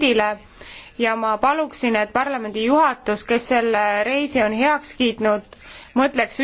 visiidile ja ma paluksin, et parlamendi juhatus, kes selle reisi on heaks kiitnud, mõtleks